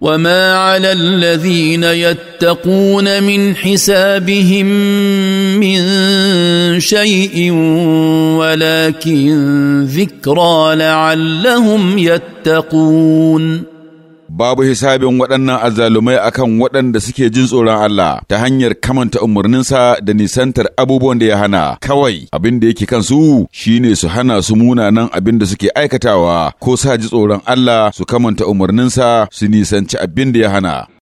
وما على الذين يتقون من حسابهم من شيء ولكن ذكرى لعلهم يتقون babu hisabin waɗannan azzalumai akan waɗanda suke jin tsoron Allah ta hanyar kamanta umarninsa da nisantar abubuwan da ya hana kawai abin da yake kansu shine su hana su munanan abin da suke aikatawa ko sa ji tsoron Allah su kamanta umarninsa su nisanci abin da ya hana